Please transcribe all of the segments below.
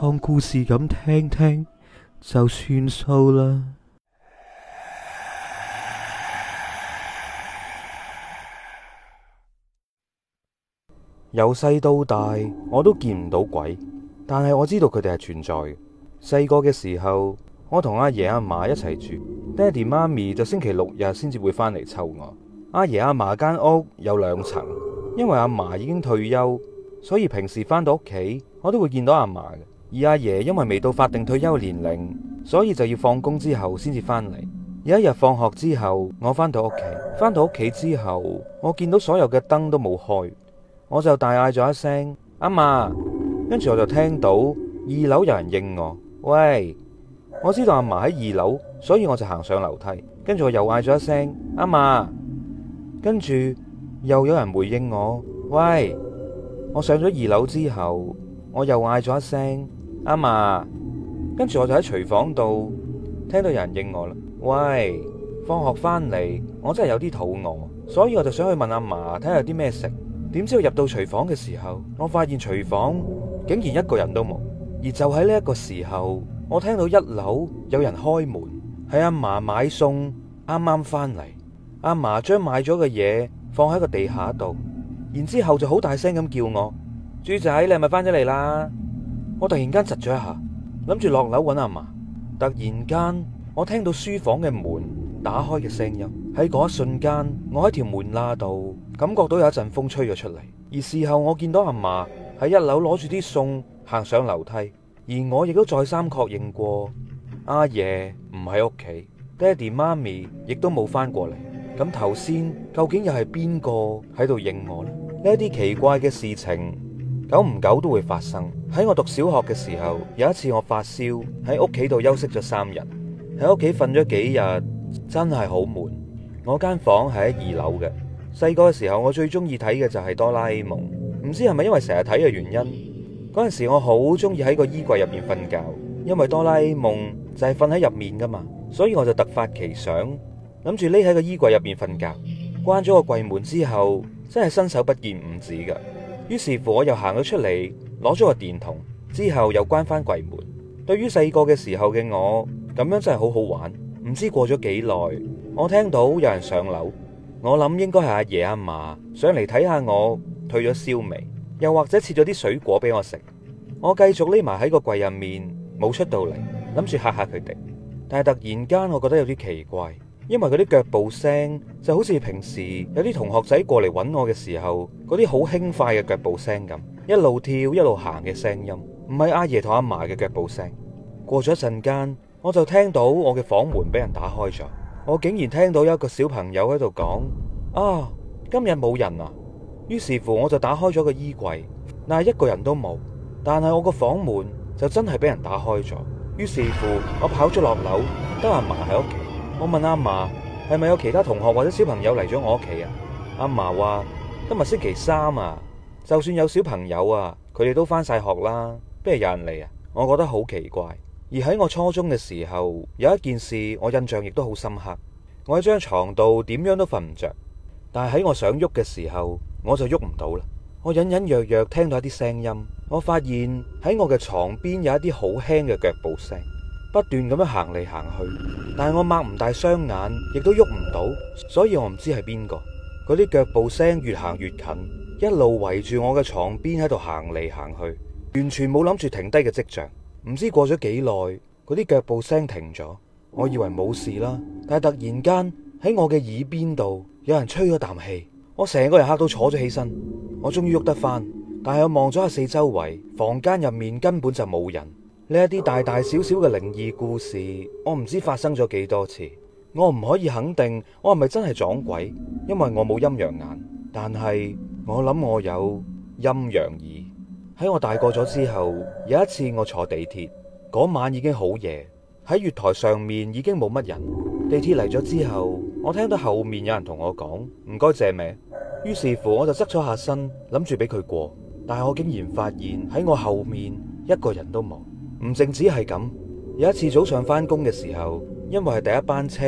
當故事咁聽聽就算數啦。由細到大，我都見唔到鬼，但係我知道佢哋係存在嘅。細個嘅時候，我同阿爺阿嫲一齊住，爹哋媽咪就星期六日先至會返嚟湊我。阿爺阿嫲間屋有兩層，因為阿嫲已經退休，所以平時返到屋企，我都會見到阿嫲嘅。二阿爺因為未到法定退休年齡，所以就要放工之後先至翻嚟。有一日放學之後，我翻到屋企，翻到屋企之後，我見到所有嘅燈都冇開，我就大嗌咗一聲：「阿嫲！」跟住我就聽到二樓有人應我，喂！我知道阿嫲喺二樓，所以我就行上樓梯，跟住我又嗌咗一聲：「阿嫲！」跟住又有人回應我，喂！我上咗二樓之後，我又嗌咗一聲。阿嫲，跟住我就喺廚房度聽到有人應我啦。喂，放學返嚟，我真係有啲肚餓，所以我就想去問阿嫲睇下有啲咩食。點知我入到廚房嘅時候，我發現廚房竟然一個人都冇。而就喺呢一個時候，我聽到一樓有人開門，係阿嫲買餸啱啱返嚟。阿嫲將買咗嘅嘢放喺個地下度，然之後就好大聲咁叫我：豬仔，你係咪返咗嚟啦？我突然間窒咗一下，諗住落樓揾阿嫲。突然間，我聽到書房嘅門打開嘅聲音。喺嗰一瞬間，我喺條門罅度，感覺到有一陣風吹咗出嚟。而事後我見到阿嫲喺一樓攞住啲餸行上樓梯，而我亦都再三確認過阿爺唔喺屋企，爹哋媽咪亦都冇翻過嚟。咁頭先究竟又係邊個喺度應我呢？呢一啲奇怪嘅事情。久唔久都會發生。喺我讀小學嘅時候，有一次我發燒，喺屋企度休息咗三日，喺屋企瞓咗幾日，真係好悶。我間房係喺二樓嘅。細個嘅時候，我最中意睇嘅就係哆啦 A 夢。唔知係咪因為成日睇嘅原因，嗰陣時我好中意喺個衣櫃入面瞓覺，因為哆啦 A 夢就係瞓喺入面噶嘛。所以我就突發奇想，諗住匿喺個衣櫃入面瞓覺。關咗個櫃門之後，真係伸手不見五指噶。於是乎，我又行咗出嚟，攞咗個電筒，之後又關翻櫃門。對於細個嘅時候嘅我，咁樣真係好好玩。唔知過咗幾耐，我聽到有人上樓，我諗應該係阿爺阿嫲上嚟睇下我，退咗燒未，又或者切咗啲水果俾我食。我繼續匿埋喺個櫃入面，冇出到嚟，諗住吓吓佢哋。但係突然間，我覺得有啲奇怪。因為嗰啲腳步聲就好似平時有啲同學仔過嚟揾我嘅時候嗰啲好輕快嘅腳步聲咁，一路跳一路行嘅聲音，唔係阿爺同阿嫲嘅腳步聲。過咗一陣間，我就聽到我嘅房門俾人打開咗，我竟然聽到有一個小朋友喺度講：啊，今日冇人啊！於是乎我就打開咗個衣櫃，但係一個人都冇，但係我個房門就真係俾人打開咗。於是乎我跑咗落樓，得阿嫲喺屋企。我問阿嫲係咪有其他同學或者小朋友嚟咗我屋企啊？阿嫲話今日星期三啊，就算有小朋友啊，佢哋都翻晒學啦，邊有人嚟啊？我覺得好奇怪。而喺我初中嘅時候，有一件事我印象亦都好深刻。我喺張床度點樣都瞓唔着，但係喺我想喐嘅時候，我就喐唔到啦。我隱隱約約聽到一啲聲音，我發現喺我嘅床邊有一啲好輕嘅腳步聲。不斷咁樣行嚟行去，但係我擘唔大雙眼，亦都喐唔到，所以我唔知係邊個。嗰啲腳步聲越行越近，一路圍住我嘅床邊喺度行嚟行去，完全冇諗住停低嘅跡象。唔知過咗幾耐，嗰啲腳步聲停咗，我以為冇事啦。但係突然間喺我嘅耳邊度有人吹咗啖氣，我成個人嚇到坐咗起身。我終於喐得翻，但係我望咗下四周圍，房間入面根本就冇人。呢一啲大大小小嘅靈異故事，我唔知發生咗幾多次。我唔可以肯定我係咪真係撞鬼，因為我冇陰陽眼。但係我諗我有陰陽耳。喺我大個咗之後，有一次我坐地鐵，嗰晚已經好夜，喺月台上面已經冇乜人。地鐵嚟咗之後，我聽到後面有人同我講唔該借命，於是乎我就側咗下身諗住俾佢過，但係我竟然發現喺我後面一個人都冇。唔淨止係咁，有一次早上翻工嘅時候，因為係第一班車，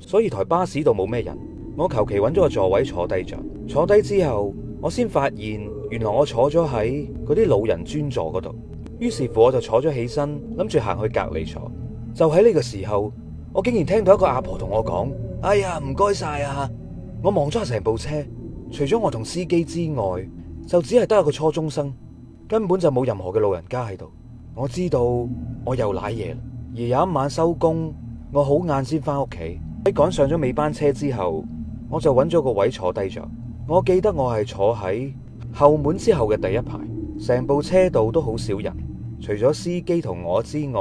所以台巴士度冇咩人。我求其揾咗個座位坐低着，坐低之後，我先發現原來我坐咗喺嗰啲老人專座嗰度。於是乎，我就坐咗起身，諗住行去隔籬坐。就喺呢個時候，我竟然聽到一個阿婆同我講：哎呀，唔該晒啊！我望咗下成部車，除咗我同司機之外，就只係得一個初中生，根本就冇任何嘅老人家喺度。我知道我又瀨嘢。而有一晚收工，我好晏先翻屋企，喺趕上咗尾班車之後，我就揾咗個位坐低咗。我記得我係坐喺後門之後嘅第一排，成部車度都好少人，除咗司機同我之外，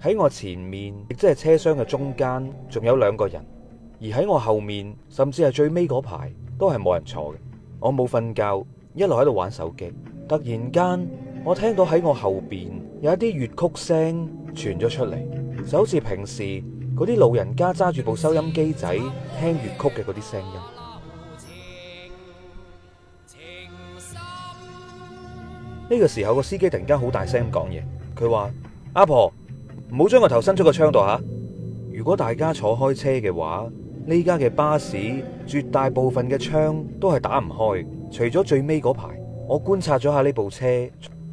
喺我前面亦即係車廂嘅中間，仲有兩個人。而喺我後面，甚至係最尾嗰排，都係冇人坐嘅。我冇瞓覺，一路喺度玩手機。突然間。我聽到喺我後邊有一啲粵曲聲傳咗出嚟，就好似平時嗰啲老人家揸住部收音機仔聽粵曲嘅嗰啲聲音。呢個時候個司機突然間好大聲講嘢，佢話：阿婆，唔好將個頭伸出個窗度吓，啊！如果大家坐開車嘅話，呢家嘅巴士絕大部分嘅窗都係打唔開，除咗最尾嗰排。我觀察咗下呢部車。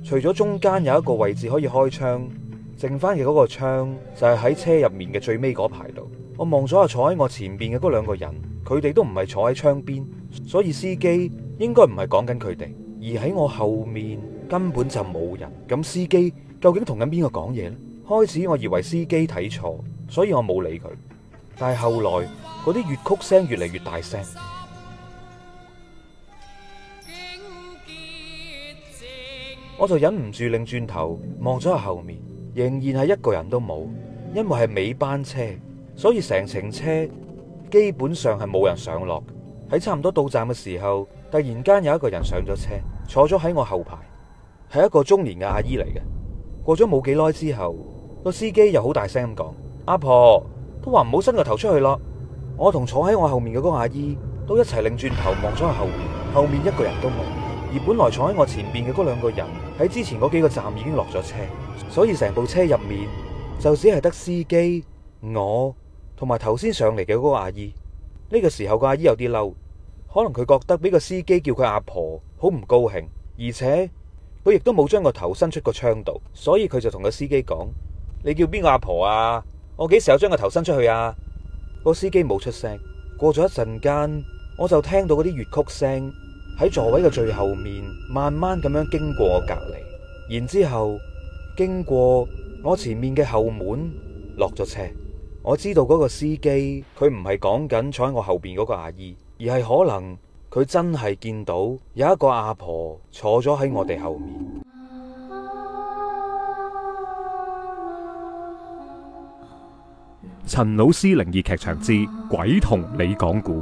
除咗中間有一個位置可以開窗，剩翻嘅嗰個窗就係喺車入面嘅最尾嗰排度。我望咗下坐喺我前面嘅嗰兩個人，佢哋都唔係坐喺窗邊，所以司機應該唔係講緊佢哋。而喺我後面根本就冇人，咁司機究竟同緊邊個講嘢呢？開始我以為司機睇錯，所以我冇理佢。但係後來嗰啲粵曲聲越嚟越大聲。我就忍唔住擰轉頭望咗下後面，仍然係一個人都冇，因為係尾班車，所以成程車基本上係冇人上落。喺差唔多到站嘅時候，突然間有一個人上咗車，坐咗喺我後排，係一個中年嘅阿姨嚟嘅。過咗冇幾耐之後，個司機又好大聲咁講：阿婆，都話唔好伸個頭出去咯。我同坐喺我後面嘅嗰個阿姨都一齊擰轉頭望咗下後面，後面一個人都冇。而本來坐喺我前面嘅嗰兩個人。喺之前嗰幾個站已經落咗車，所以成部車入面就只係得司機我同埋頭先上嚟嘅嗰個阿姨。呢個時候個阿姨有啲嬲，可能佢覺得俾個司機叫佢阿婆好唔高興，而且佢亦都冇將個頭伸出個窗度，所以佢就同個司機講：你叫邊個阿婆啊？我幾時有將個頭伸出去啊？個司機冇出聲。過咗一陣間，我就聽到嗰啲粵曲聲。喺座位嘅最後面，慢慢咁樣經過我隔籬，然之後經過我前面嘅後門落咗車。我知道嗰個司機佢唔係講緊坐喺我後邊嗰個阿姨，而係可能佢真係見到有一個阿婆坐咗喺我哋後面。陳老師靈異劇場之鬼同你講古」。